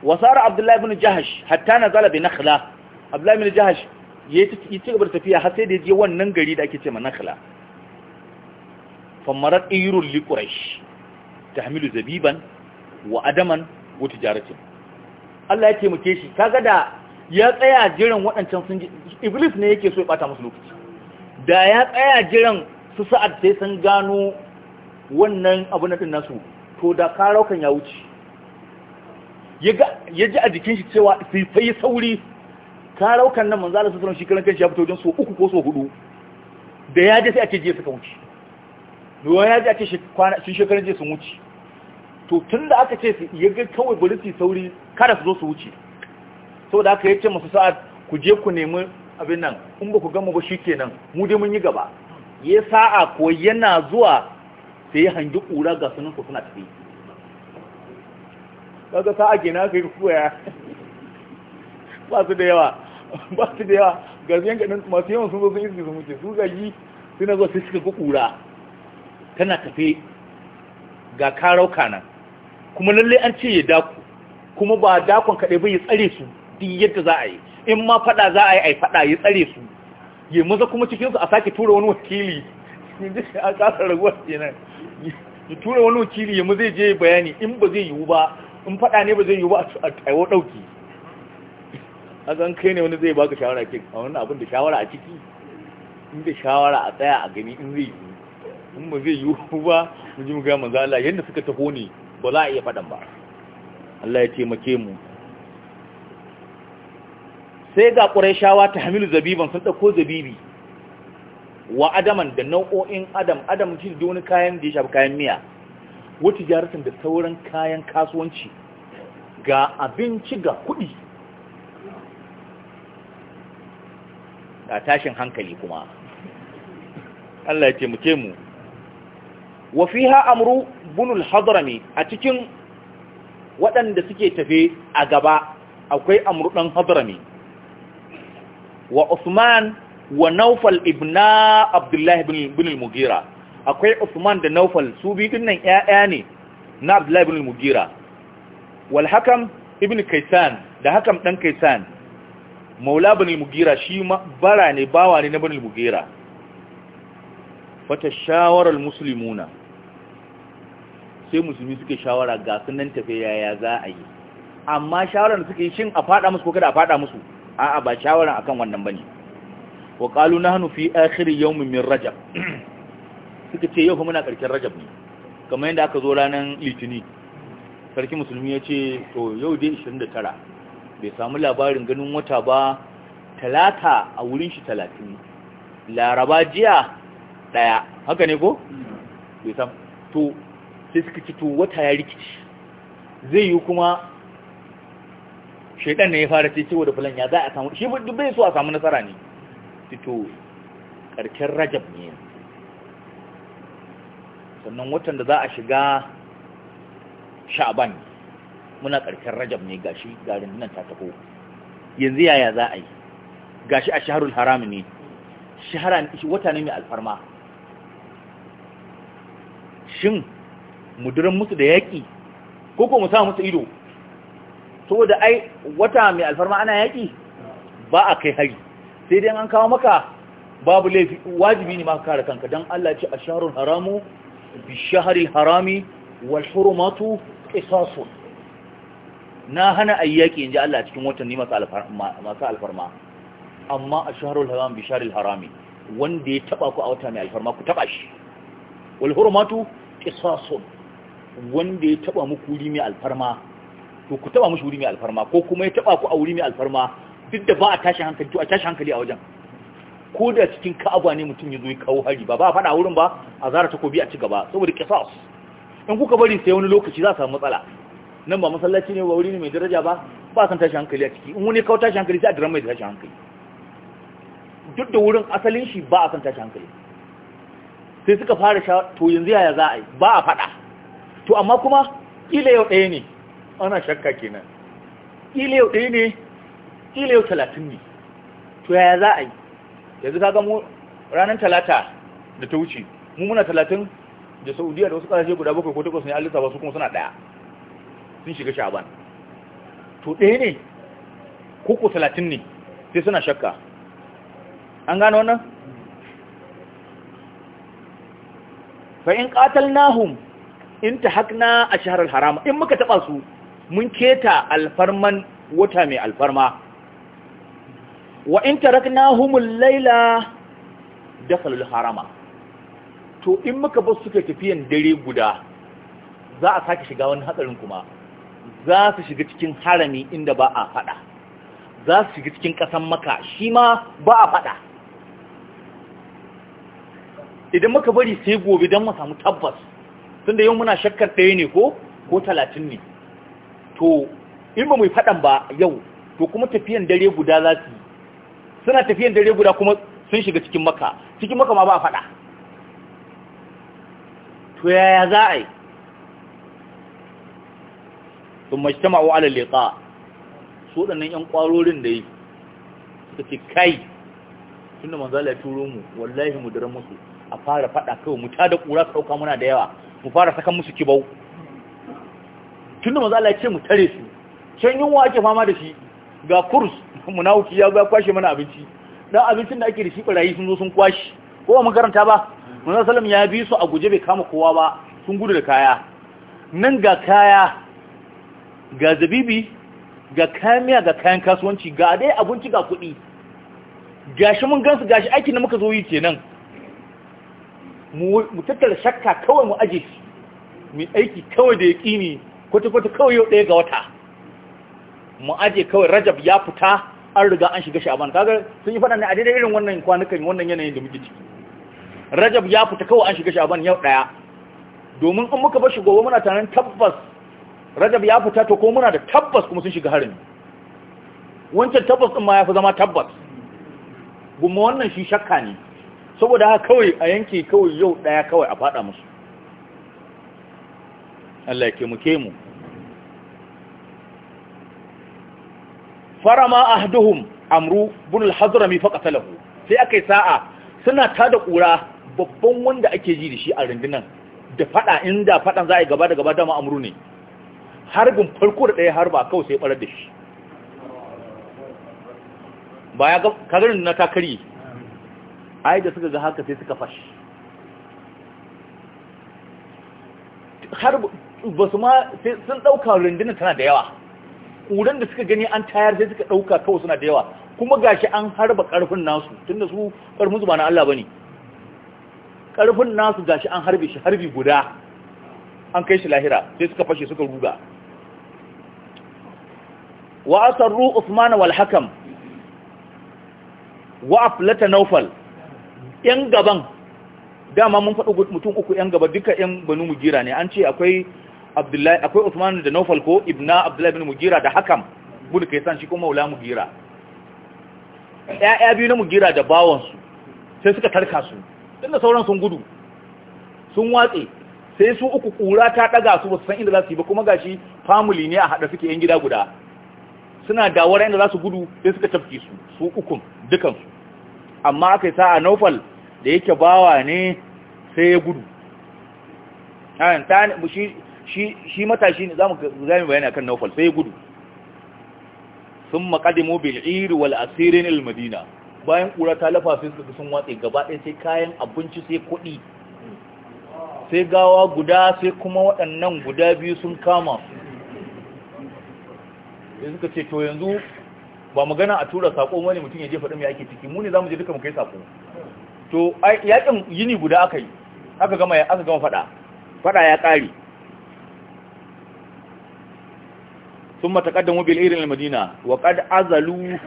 Speaker 1: wasara abdullahi bin jahash hatta na zala bi nakhla abdullahi bin jahash ya yi ci gaba da tafiya har sai da ya je wannan gari da ake ce ma nakhla famarar irun li quraish tahmilu zabiban wa adaman wa tijaratin Allah ya taimake shi kaga da ya tsaya jiran waɗancan sun iblis ne yake so ya bata musu lokaci da ya tsaya jiran su sa'ad sai sun gano wannan abun nan nasu to da karaukan ya wuce ya ji a jikin shi cewa sai sai sauri karaukan nan manzo Allah su alaihi shi kan shi ya fito don so uku ko so hudu da ya je sai a ce je suka wuce ruwa ya ji a ce shi shekaran je sun wuce to tun da aka ce iya ga kawai bari sauri kada su zo su wuce saboda aka ce masu sa'ad ku je ku nemi abin nan in ba ku gama ba shi kenan mu dai mun yi gaba ya sa'a ko yana zuwa sai ya hangi kura ga sunan ku suna tafi kaga sa'a gina yi kuya ba su da yawa ba su da yawa ga yan ganin masu yawan sun zo sun iske su muke su gaji suna zo sai suka ga kura tana tafi ga karauka nan kuma lalle an ce ya daku kuma ba dakon kaɗai ba ya tsare su duk yadda za a yi in ma faɗa za a yi a yi faɗa ya tsare su ya maza kuma cikinsu a sake tura wani wakili [laughs] a ƙasa raguwa kenan ya tura wani wakili ya maza je bayani in ba zai yiwu ba in faɗa ne ba zai yiwu ba a taiwo ɗauki a zan kai ne wani zai baka shawara ke a wani abin da shawara a ciki in da shawara a tsaya a gani in zai yiwu in ba zai yiwu ba mu ji mu gaya manzo Allah yadda suka taho ne ba za a iya faɗan ba Allah ya taimake mu sai ga ƙuraishawa ta hamilu zabiban sun ɗauko zabibi wa adaman da nau'o'in adam adam shi da wani kayan da ya shafi kayan miya wata jaratin da sauran kayan kasuwanci ga abinci ga kuɗi ga tashin hankali kuma Allah ya taimake mu wa fiha amru bunul hadrami a cikin waɗanda suke tafe a gaba akwai amru dan hadrami wa usman wa naufal ibna abdullahi bin mugira akwai usman da naufal su biyu dinnan 'ya'ya ne na abdullahi bin mugira wal hakam ibn kaisan da hakam ɗan kaisan maula bin mugira shi bara ne bawa ne na bin al-mugira fata shawarar muslimuna sai musulmi suke shawara ga sunan tafiya yaya za a yi amma shawaran da suke yi shin a fada musu ko kada a fada musu a'a ba shawaran akan wannan bane wa qalu nahnu fi akhir yawmin min rajab [clears throat] suka ce yau fa muna karkin rajab ne kamar yadda aka zo ranar litini sarki musulmi ya ce to yau dai 29 bai samu labarin ganin wata ba talata a wurin shi talatin? laraba jiya daya haka ne ko hmm. bai samu to sai suka ci to wata ya rikici zai yi kuma shaidan ne ya fara sai cewa da fulan ya za a samu shi duk bai so a samu nasara ne fito karken rajab ne sannan watan da za a shiga sha'aban muna karken rajab ne shi ga nan ta tako yanzu yaya za a yi shi a shaharul haram ne shahara wata ne mai alfarma shin mu musu da yaƙi ko ko mu sa musu ido saboda ai wata mai alfarma ana yaƙi ba a kai hari sai dai an kawo maka babu laifi wajibi ne maka ka kare kanka dan Allah ya ce asharul haramu bi shahril harami wal hurumatu qisasun na hana ayyaki inji Allah cikin watanni masu alfarma amma asharul haram bi shahril harami wanda ya taba ku a wata mai alfarma ku taba shi wal hurumatu qisasun wanda ya taba muku wuri mai alfarma to ku taba mushi wuri mai alfarma ko kuma ya taba ku a wuri mai alfarma duk da ba a tashi hankali to a tashi hankali a wajen ko da cikin ka'aba ne mutum ya zo ya kawo hari ba ba a fada wurin ba a zara takobi a ci gaba saboda kisas in kuka bari sai wani lokaci za a samu matsala nan ba masallaci ne ba wuri ne mai daraja ba ba san tashi hankali a ciki in wani kawo tashi hankali sai a dira mai tashi hankali duk da wurin asalin shi ba a san tashi hankali sai suka fara sha to yanzu yaya za a yi ba a fada to amma kuma ile yau ɗaya ne ana shakka kenan ile yau ɗaya ne ile yau talatin ne to yaya za a yi yanzu ka mu ranar talata da ta wuce mu muna talatin da saudiya da wasu ƙarashe guda bakwai ko takwas ne an lissafa su kuma suna ɗaya sun shiga shaban to ɗaya ne ko ko talatin ne sai suna shakka an gano wannan fa'in ƙatal nahum in ta hakna a shaharar harama in muka taɓa su mun keta alfarman wata mai alfarma wa in ta rakna humul laila da harama to in muka ba suka tafiyan dare guda za a sake shiga wani hatsarin kuma za su shiga cikin harami inda ba a fada za su shiga cikin ƙasan maka shi ma ba a fada idan muka bari sai gobe don mu samu tabbas tunda yau muna shakkar ɗaya ne ko ko talatin ne to in ba mu faɗan ba yau to kuma tafiyan dare guda za su yi suna tafiyan dare guda kuma sun shiga cikin maka cikin maka ma ba a faɗa to yaya za a yi sun ta ma'o ala leƙa su waɗannan 'yan ƙwarorin da yi suka ce kai tun da manzala ya turo mu wallahi mu dara musu a fara faɗa kawai mu ta da ƙura su ɗauka muna da yawa mu fara sakan musu kibau tunda maza Allah ce mu tare su can yunwa ake fama da shi ga kurs [laughs] wuki ya kwashe mana abinci dan abincin da ake da shi ɓarayi sun zo sun kwashe. ko a makaranta ba maza salam ya bi su a guje bai kama kowa ba sun gudu da kaya nan ga kaya ga zabibi ga kamiya ga kayan kasuwanci ga dai abinci ga kuɗi gashi mun gansu gashi aikin na muka zo yi kenan mu tattara shakka kawai mu aje shi mu aiki kawai da ya kini kwata-kwata kawai yau ɗaya ga wata mu aje kawai rajab ya fita an riga an shiga sha'aban kaga sun yi faɗa ne a daidai irin wannan kwanukan wannan yanayin da muke ciki rajab ya fita kawai an shiga sha'aban yau ɗaya domin in muka bashi shi gobe muna tunanin tabbas rajab ya fita to ko muna da tabbas kuma sun shiga harin wancan tabbas ɗin ma ya fi zama tabbas gumma wannan shi shakka ne saboda haka kawai a yanki kawai yau ɗaya kawai a faɗa musu Allah ke muke mu farama ahduhum amru bin al-hadrami sai sai akai sa'a suna tada kura babban wanda ake ji da shi a rindinan da fada inda fadan za a yi gaba da gaba dama amru ne harbin farko da ɗaya harba kawai sai barar da shi Baya ga kagarin na takari ai da suka ga haka sai suka fashi har ba su ma sun ɗauka rundunar tana da yawa ƙuran da suka gani an tayar sai suka ɗauka kawai suna da yawa kuma gashi an harba ƙarfin nasu tunda su ƙarfin zuba na Allah ba ne ƙarfin nasu gashi an harbe shi harbi guda an kai shi lahira sai suka fashe suka ruga wa asarru usman wal hakam wa aflata naufal yan gaban dama mun faɗi mutum uku yan gaba duka yan banu mugira ne an ce akwai usmanu usman da naufal ko ibna abdullahi bin mugira da hakam bin san shi kuma maula mugira ƴaƴa biyu na mugira da bawansu sai suka tarka su inda sauran sun gudu sun watse sai su uku kura ta ɗaga su ba su san inda za su yi ba kuma gashi famili ne a haɗa suke yan gida guda suna dawara inda za su gudu sai suka tafki su su ukun dukansu amma aka sa sa'a naufal da yake bawa ne sai ya gudu shi matashi ne za mu zami bayani akan naufal sai ya gudu sun makadimu iri wal asirin ilmadina bayan ƙura ta lafa sai suka sun watsa gaba ɗaya sai kayan abinci sai kuɗi sai gawa guda sai kuma waɗannan guda biyu sun kama sai suka ce to yanzu ba magana a tura sako wani mutum ya je faɗi mai ake ciki mu ne mu je duka mu kai sako to yakin yini guda aka yi aka gama aka gama faɗa faɗa ya ƙare Sun mata بالعير الى المدينه وقد عزلوا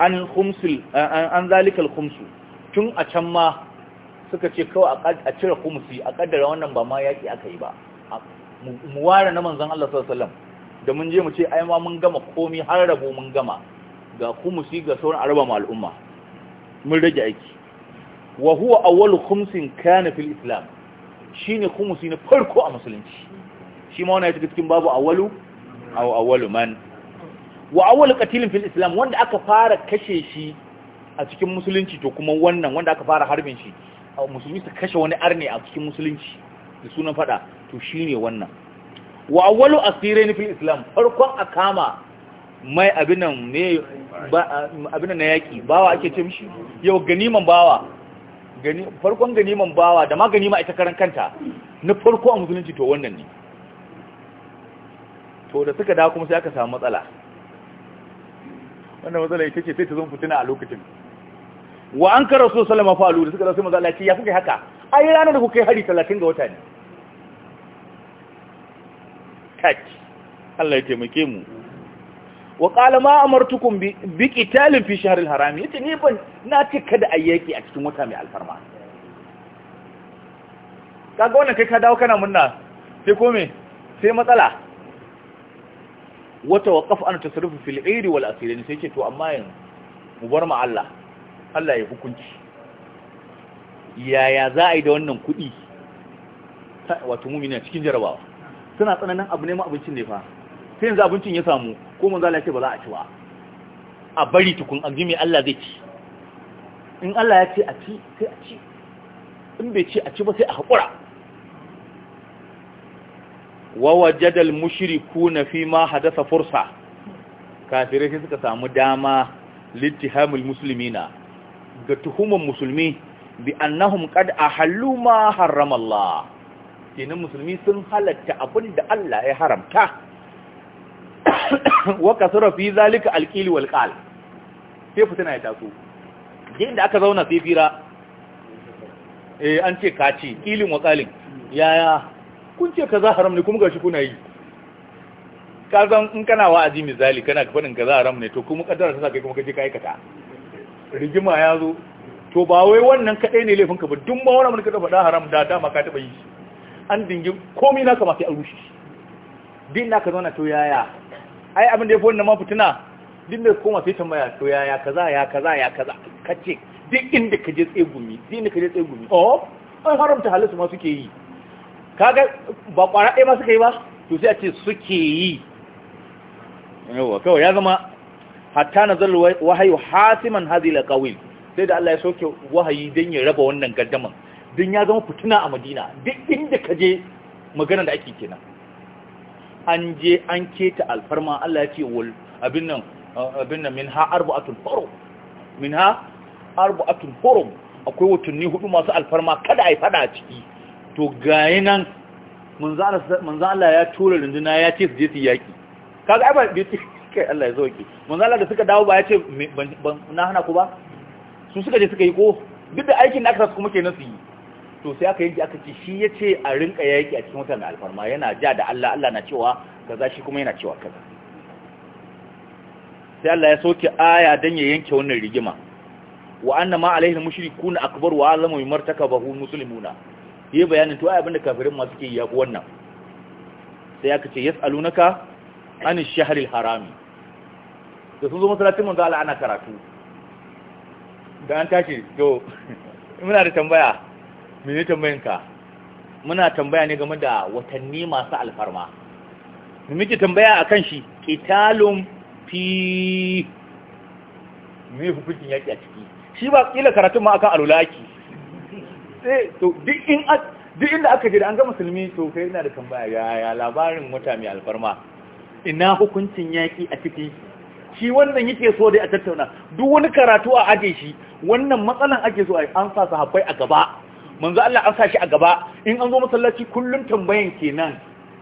Speaker 1: an khumsul an zalikal khumsu tun a can ma suka ce kawai a cire khumsi a kaddara wannan ba ma yaki aka yi ba mu ware na manzon Allah sallallahu alaihi wasallam da mun je mu ce ai ma mun gama komai har rabo mun gama ga kumusi ga sauran araba ma al'umma mun rage aiki wa huwa awwalu khumsin kana fil islam shine kumusi na farko a musulunci shi ma wannan yake cikin babu awwalu aw awwalu man wa awwalu qatilin fil islam wanda aka fara kashe shi a cikin musulunci to kuma wannan wanda aka fara harbin shi musulmi su kashe wani arne a cikin musulunci da sunan fada to shine wannan wa awwalu asirin fil islam farkon akama mai abinan me abinan na yaki bawa ake ce mishi yau ganiman bawa gani farkon ganiman bawa da ma ganima ita karan kanta na farko a musulunci to wannan ne to da suka da kuma sai aka samu matsala wannan matsala ita ce sai ta zama fitina a lokacin wa an kara so sallama fa'alu da suka dawo sai matsala ya ya kuka haka ai ranar da kuka yi hari 30 ga wata ne jihad Allah ya taimake mu wa qala ma amartukum bi qitalin fi shahr al-haram yace ni ban na ce kada ayyaki a cikin wata mai alfarma kaga wannan kai ka dawo kana munna sai ko me sai matsala wata waqaf an tasarrufu fil ayri wal asirin sai ce to amma yanzu mu bar ma Allah Allah ya hukunci yaya za a yi da wannan kuɗi wato mumina cikin jarabawa suna tsananin abu neman abincin ne fa sai yanzu abincin ya samu ko manzo Allah ya ce ba za a ci ba a bari tukun a jimi Allah zai ci in Allah ya ce a ci sai a ci in bai ce a ci ba sai a haƙura Wa jadal mushiriku na fi ma hadasa fursa kafirai sai suka samu dama littihamul musulmina ga tuhumar musulmi bi annahum qad ahallu ma harrama Allah kenan musulmi sun halatta abin da Allah ya haramta [coughs] wa surafi fi zalika alqil wal qal sai fitina ya taso din da aka zauna sai fira eh an ce kaci ilin wa qalin yaya kun ce kaza haram ne kuma gashi kuna yi ka san in kana wa'azi misali kana faɗin kaza haram ne to kuma kaddara ta sa kai kuma kaje ka aikata rigima ya zo to ba wai wannan kadai ne laifin ka ba duk ma wani mun ka faɗa haram da dama ka taɓa yi shi an dingin komai naka ba sai an rushe din naka zauna to yaya ai abin da ya fi wannan ma fitina din da koma sai tambaya to yaya kaza ya kaza ya kaza kace din inda ka je tsegumi din inda ka je tsegumi oh an haramta halittu ma suke yi kaga ba kwara ɗaya ma suka yi ba to sai a ce suke yi yawa kawai ya zama hatta na zallu wahayu hasiman hazila kawai. sai da Allah ya soke wahayi don ya raba wannan gaddaman don ya zama fituna a madina duk inda ka je magana da ake kenan an je an keta alfarma Allah ya ce wal abin nan abin nan min ha arba'atul hurum min ha arba'atul hurum akwai watanni hudu masu alfarma kada ai fada a ciki to gayi nan manzo Allah ya tura runduna ya ce su je su yaki kaga ai ba bai ce kai Allah ya zauke manzo Allah da suka dawo ba ya ce na hana ku ba su suka je suka yi ko duk da aikin da aka sa su kuma kenan su yi to sai aka yanki aka ce shi ya ce a rinka yaƙi a cikin watan alfarma yana ja da Allah Allah na cewa kaza shi kuma yana cewa kaza sai Allah ya soke aya dan ya yanke wannan rigima wa anna ma alaihi mushrikuna akbar wa alamu bahu muslimuna yi bayanin to ai abinda kafirin ma suke yi yaƙi wannan sai aka ce yas'alunaka an ash-shahril harami da sun zo masallacin manzo Allah ana karatu da an tashi to [laughs] muna da tambaya mene tambayinka muna tambaya ne game da watanni masu alfarma miki tambaya akan shi qitalun fi mai hukuncin yaki a ciki shi ba kila karatun ma akan alulaki sai eh, to duk in duk inda aka je da an ga musulmi to kai ina da tambaya ya labarin wata mai alfarma ina hukuncin yaki a ciki shi wannan yake so dai a tattauna duk wani karatu a aje shi wannan matsalan ake so an sa habbai a gaba manzo Allah an sashi a gaba in an zo masallaci kullum tambayan kenan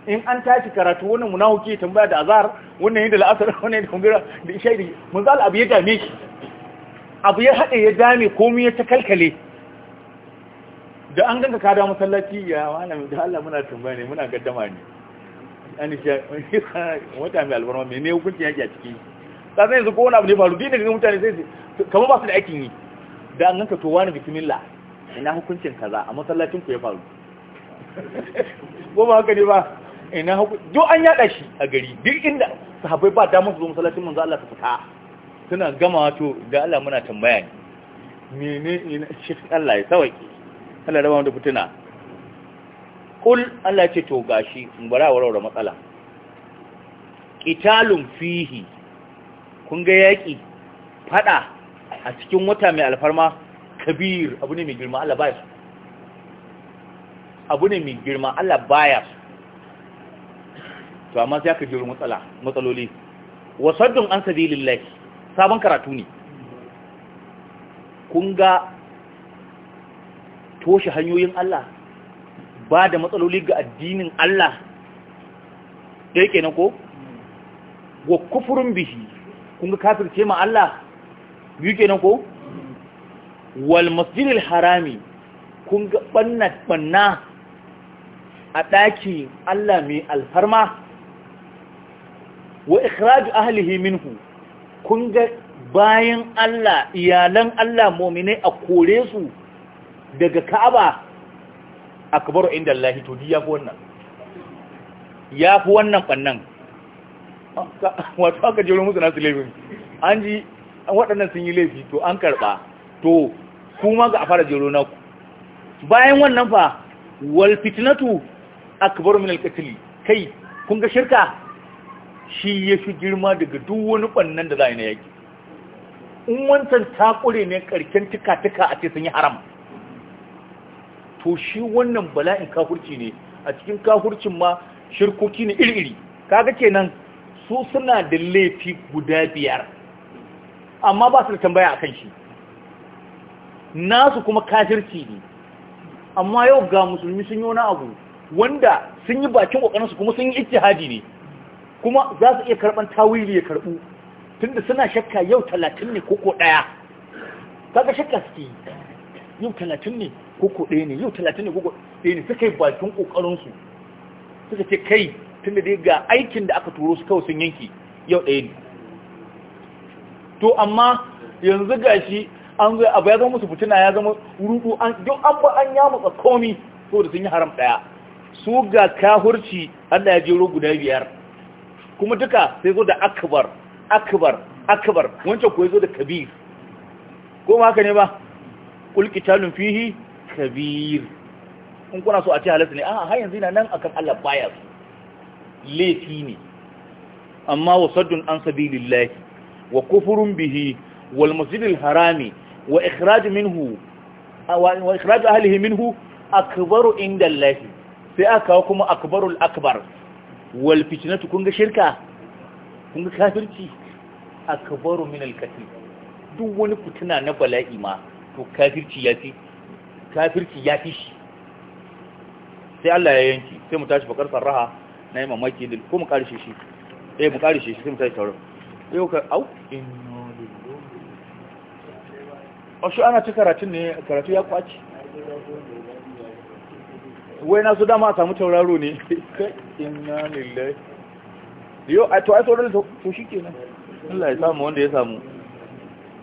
Speaker 1: in an tashi karatu wannan munahuki tambaya da azhar wannan yadda la'asar [laughs] wannan da kungira da ishaidi manzo Allah abu ya dame shi abu ya hade ya dame komai ya takalkale da an ganka ka da masallaci ya wala da Allah muna tambaya ne muna gaddama ne an shi [laughs] wata mai albarma me ne hukunci yake a ciki sai yanzu ko wani abu ne faru dinin ga mutane sai kamar ba su da aikin yi da an ganka to wani bismillah ina hukuncin kaza a masallacin ku ya faru goma [laughs] haka ne ba ina hukuncin duk an yada shi a gari duk inda sahabbai ba damar su zo masallacin manzo Allah su fita suna gama to da Allah muna tambaya ne menene shi Allah ya sauke Allah raba mu da fitina kul Allah ce to gashi bara warware matsala qitalun fihi kun ga yaki fada a cikin wata mai alfarma kabir abu ne mai girma Allah baya su abu ne mai girma Allah baya su to amma sai aka jiro matsala matsaloli wasaddun an sabilillah sabon karatu ne kun ga toshe hanyoyin Allah ba da matsaloli ga addinin Allah yake kenan ko wa kufurin bihi kun ga kafirce ma Allah biyu kenan ko wal harami kun ga ɓanna a ɗaki Allah mai alfarma wa ikhraju ahlihi minhu kun ga bayan Allah iyalan Allah mu'minai a kore su daga Ka'aba akbaru inda Allah to ya fi wannan Ya fi wannan bannan wato aka jero musu su laifin an ji waɗannan sun yi laifi to an karɓa to kuma ga a fara jero ku. bayan wannan fa wal fitnatu akbar min al kai kun ga shirka shi ya fi girma daga duk wani bannan da za yi na yaki in wancan takure ne karken tuka-tuka a ce sun yi haram to shi wannan bala'in kafurci ne a cikin kafurcin ma shirkoki ne iri-iri kaga kenan su suna da laifi guda biyar amma ba su da tambaya a kan shi nasu kuma kafirci ne amma yau ga musulmi sun yi wani abu wanda sun yi bakin kokarinsu kuma sun yi ijtihadi ne kuma za su iya karban tawili ya karbu tunda suna shakka yau 30 ne koko daya kaga shakka suke yau 30 ne koko daya ne yau 30 ne koko daya ne suka yi bakin kokarinsu suka ce kai tunda dai ga aikin da aka turo su kawai sun yanki yau daya ne to amma yanzu gashi an zo abu ya zama musu fituna ya zama rudu an duk an ba an ya mutsa komi so da sun yi haram daya su ga kahurci Allah ya jero guda biyar kuma duka sai zo da akbar akbar akbar wancan ko zo da kabir ko ma haka ne ba kulki qitalun fihi kabir in kuna so a ce halatta ne a har yanzu ina nan akan Allah baya laifi ne amma wasaddun an sabilillahi wa kufurun bihi wal masjidil harami wa ikhraj minhu wa ikhraj ahlihi minhu akbaru inda Allah sai aka kuma akbarul akbar wal fitnatu kun ga shirka kun ga kafirci akbaru min al kathir duk wani fitina na bala'i ma to kafirci yafi kafirci shi sai Allah ya yanki sai mu tashi bakar sarraha na yi mamaki din ko mu karshe eh, shi sai mu tashi sauran shi ana ci karatun ne karatu ya kwaci wai na su dama a samu tauraro ne inna lillahi yo a to ai tauraro to nan. Allah ya samu wanda ya samu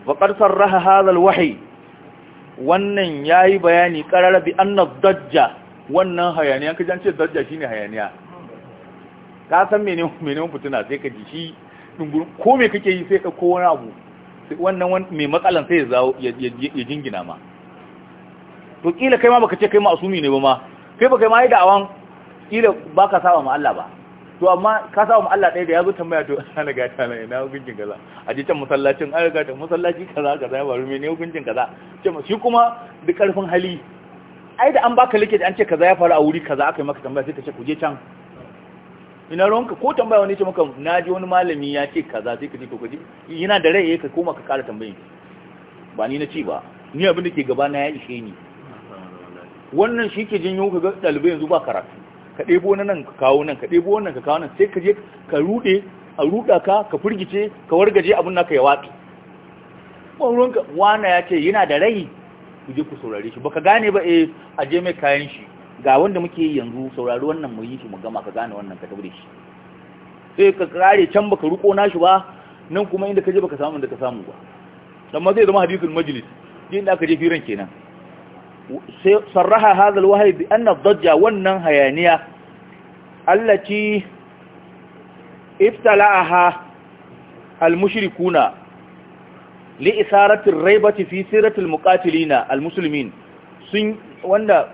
Speaker 1: Baƙar qad sarraha hadha wahai wannan yi bayani ƙarar bi na dajja wannan hayaniya ka jance dajja shi ne hayaniya ka san mene mafi tuna sai ka ji shi ko me kake yi sai ka ko wani abu wannan mai matsalan sai ya jingina ma to kila kai ma baka ce kai ma'asumi ne ba ma kai baka ma yi awan kila baka saba ma Allah ba to amma ka saba ma Allah ɗaya da ya zo tambaya to [laughs] ana riga ta na ina hukuncin kaza a je can masallacin an riga ta masallaci kaza kaza ya faru ne hukuncin kaza shi kuma duk karfin hali ai da an baka likita an ce kaza ya faru a wuri kaza aka yi maka tambaya sai ka ce ku je can ina ka? ko tambaya wani ce maka na ji wani malami ya ce kaza sai ka ce to kaji yana da rai eh, ka koma ka kara tambayin ba ni na ci ba ni abin da ke gaba na ya ishe ni wannan shi ke janyo ka ga ɗalibai yanzu ba karatu ka ɗebo na nan ka kawo nan ka ɗebo wannan ka kawo nan sai ka je ka ruɗe a ruɗa ka ka firgice ka wargaje abin naka ya ruwan ka? wana ya ce yana da rai ku je ku saurare shi baka gane ba eh a je mai kayan shi ga wanda muke yi yanzu saurari wannan mu yi shi mu gama ka gane wannan ka tabbare shi sai ka kare can baka ruko nashi ba nan kuma inda kaje baka samu inda ka samu ba amma zai zama hadithul majlis inda aka je firan kenan sai sarraha hadha alwahyi bi anna dajja wannan hayaniya allati ibtala'aha almushrikuna li isarati ar-raibati fi sirati al-muqatilina al-muslimin sun wanda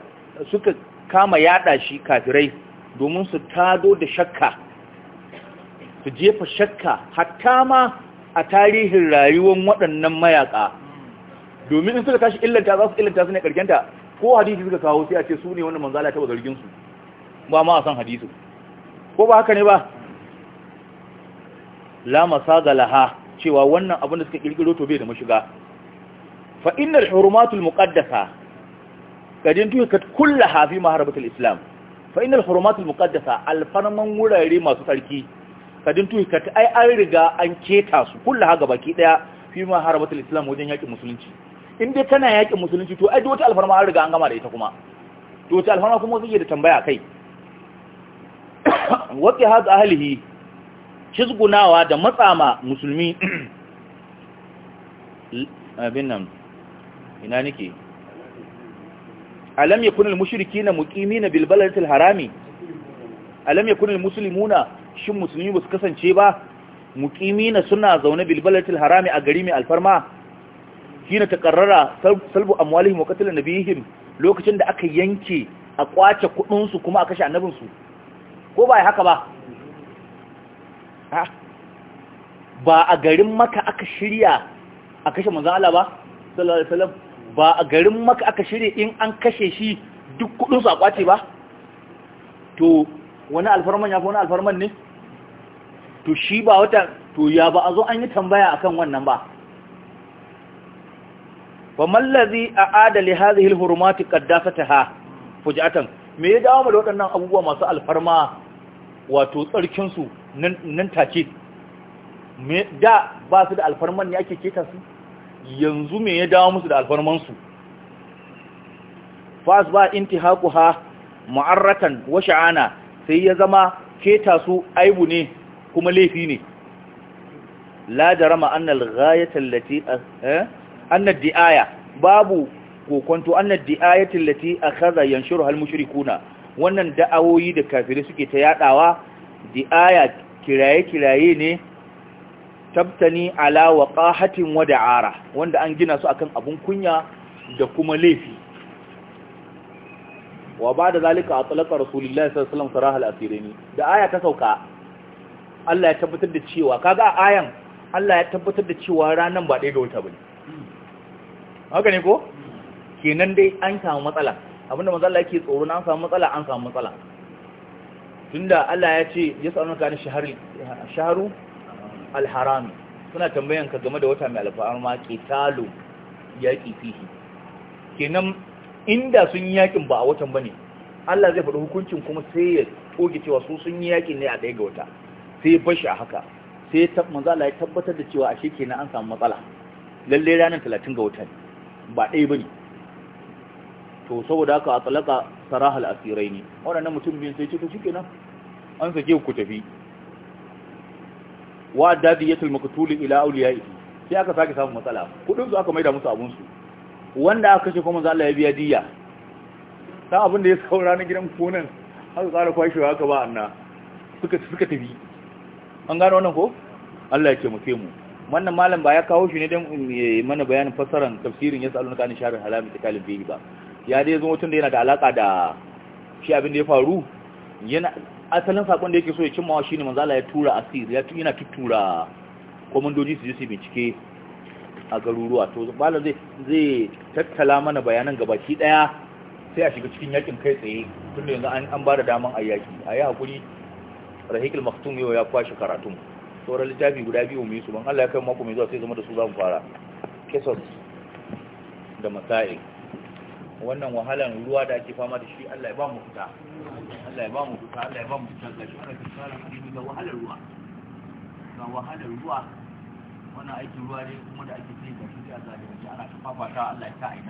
Speaker 1: suka kama yada shi kafirai domin su tado da shakka su jefa shakka hatta ma a tarihin rayuwar waɗannan mayaka domin in suka tashi illanta za su illanta su ne karkenta ko hadisi suka kawo sai a ce su ne wani manzala ta zargin su ba ma a san hadisi ko ba haka ne ba la ga laha cewa wannan abin da suka ƙirƙiro to bai da mashiga fa'inar innal hurumatul kadin tuka kullu hafi maharabatul islam fa innal hurumatul muqaddasa alfarman wurare masu sarki kadin tuka ai an riga an keta su kullu ha gabaki daya fi maharabatul islam wajen yaki musulunci in dai kana yaki musulunci to ai dole alfarma an riga an gama da ita kuma to ta alfarma kuma zai da tambaya kai waqi hadha ahlihi kizgunawa da matsama musulmi abin nan ina nake alam yakun al-mushrikeena muqimina bil baladil harami alam yakun al-muslimuna shin musulmi ba su kasance ba muqimina suna zaune bil baladil harami a gari mai alfarma hina taqarrara salbu amwalihim wa qatl nabiyihim lokacin da aka yanke a kwace kudin su kuma a kashe annabin su ko ba haka ba ba a garin maka aka shirya a kashe manzon Allah ba sallallahu alaihi wasallam ba a garin maka aka shirya in an kashe shi duk kudin su a kwace ba to wani alfarman ya fi wani alfarman ne to shi ba wata to ya ba a zo an yi tambaya akan wannan ba ba mallazi a adali hazihil kaddafa ta ha fujatan me ya dawo da waɗannan abubuwa masu alfarma wato tsarkinsu nan take da ba su da alfarman ne ake keta su yanzu me ya dawo musu da alfarmansu fas ba intihaquha mu'arratan wa sha'ana sai ya zama keta su aibu ne kuma laifi ne la jarama annal al lati eh anna diaya babu kokonto anna ad lati akhadha yanshuruha al-mushrikuna wannan da'awoyi da kafirai suke ta yadawa di'aya kiraye kiraye ne tabtani ala waqahatin wa da'ara wanda an gina su akan abun kunya da kuma laifi wa ba'da zalika atlaqa rasulullahi sallallahu alaihi wasallam sarahal asirini da aya ta sauka Allah ya tabbatar da cewa kaga ayan Allah ya tabbatar da cewa ranan ba dai da wata bane haka ne ko kenan dai an samu matsala abinda manzo Allah yake tsoro na an samu matsala an samu matsala tunda Allah ya ce yasa yasalunka ni shahari shaharu alharami suna tambayan ka game da wata mai alfarma talo, yaƙi, fihi kenan inda sun yi yakin ba a watan ba ne. Allah zai faɗi hukuncin kuma sai ya toge cewa su sun yi yakin ne a ɗaya ga wata sai bashi a haka sai manzo ya tabbatar da cewa ashe kenan an samu matsala Lallai ranar talatin ga wata ba ɗaya ba ne. to saboda haka a tsalaka sarahal asirai ne waɗannan mutum biyu sai ce to kenan an sake ku tafi wa dadiyatul maqtul ila awliyaihi sai aka sake samun matsala kudin su aka maida musu abun su wanda aka kashe kuma Allah ya biya diya ta abin da ya saura na gidan konan aka ƙara kwashe haka ba anna suka suka tafi an gano wannan ko Allah ya ce mu mu wannan malam ba ya kawo shi ne dan mana bayanin fasaran tafsirin ya sa'alun kan sharin halami ta kalin bihi ba ya dai zo mutun da yana da alaka da shi abin da ya faru yana asalin sakon da yake so ya wa shine manzo Allah ya tura asir ya yana tuttura komandoji su yi bincike a garuruwa to malam zai tattala mana bayanan gabaki daya sai a shiga cikin yakin kai tsaye tun da yanzu an an bada daman a yaki a yi hakuri rahikul maktum yau ya kwashi karatun sauran littafi guda biyu mu yi su ban Allah ya kai mako mai zuwa sai zama da su za mu fara kesos da masail wannan wahalan ruwa da ake fama da shi Allah ya ba mu fita Allah ya ba mu fita Allah ya ba mu fita ga shi ana tsara hadisi da wahalar ruwa ga wahalar ruwa wannan aikin ruwa ne kuma da ake yi ga shi a zalunci ana ta fafata Allah ya ta aina